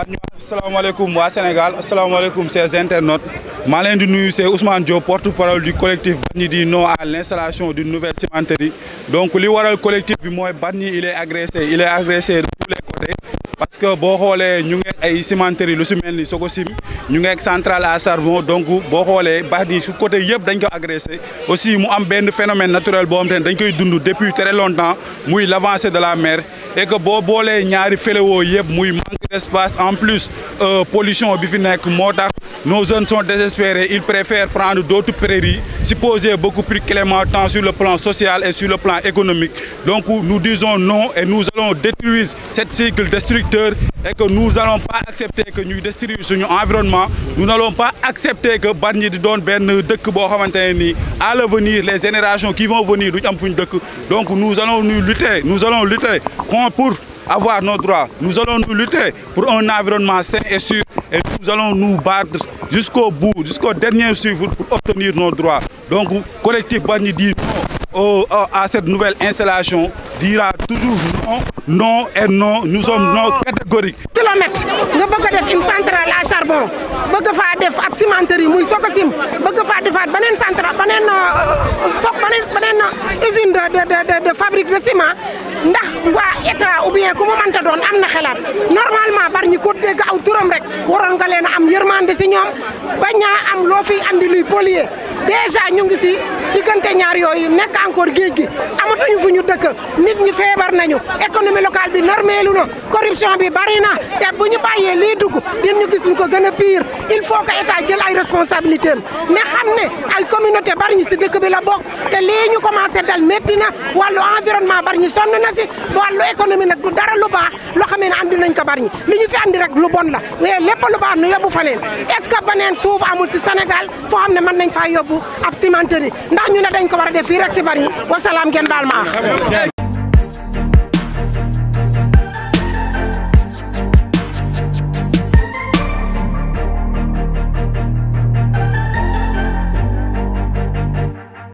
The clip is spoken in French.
alaikum, moi Sénégal alaikum, ces internautes c'est Ousmane Diop porte-parole du collectif Bani dit non à l'installation d'une nouvelle cimenterie donc le collectif il est agressé il est agressé de tous les côtés parce que Bon ñu une cimenterie nous, avons une centrale à charbon donc boo xoolee Bargny su côté yëpp dañ agressé aussi mu am benn phénomène naturel boo xam dañ koy depuis très longtemps Nous, l'avancée de la mer et que boo boolee ñaari fléau yëpp muy manque d'espace. en plus euh, pollution bi fi nos jeunes sont désespérés ils préfèrent prendre d'autres prairies, prairies posé beaucoup plus clément sur le plan social et sur le plan économique donc nous disons non et nous allons détruire ce cycle destructeur et que nous n'allons pas accepter que nous détruire notre environnement nous n'allons pas accepter que Bargny donne doon de à l'avenir les générations qui vont venir donc nous allons nous lutter nous allons lutter pour avoir nos droits nous allons nous lutter pour un environnement sain et sûr et nous allons nous battre jusqu'au bout jusqu'au dernier souffle pour obtenir nos droits donc collectif Bargny dit à cette nouvelle installation dira toujours non, non et non. Nous sommes oh. non catégoriques. kilomètre nga avons une centrale à charbon Nous avons def ab cimenterie muy Sococim bëgg une centrale une usine de fabrique de ciment bien ku mu mënta doon am na xalaat normalement bari ñi ko dégg aw turam rek waroon nga leen a am yërmande si ñoom bañ a am loo fiy andi luy polier déjà ñu ngi si diggante ñaar yooyu nekk encore géej gi amatu ñu dëkk nit ñi feebar nañu économie locale bi normeelu na corruption bi bari na te bu ñu bàyyee lii dugg dinañu gis ñu ko gën a pire il faut que état jël ay responsabilité ne xam ne ay communauté bari ñu si dëkk bi la bokk te lii ñu commencé dal métti na wàllu environnement bari ñu sonn na si wàllu économie nag du dara lu baax loo xamee ne andi dinañ ko bari ñi li ñu fi andi rek lu bon la waaye lépp lu baax nu yóbbu fa neen est-ce que beneen suuf amul si Sénégal foo xam ne mën nañ faa yóbbu ab cimenterie ndax ñu ne dañ ko war a def fii rek si bari ñi wasalaam ngeen baal ma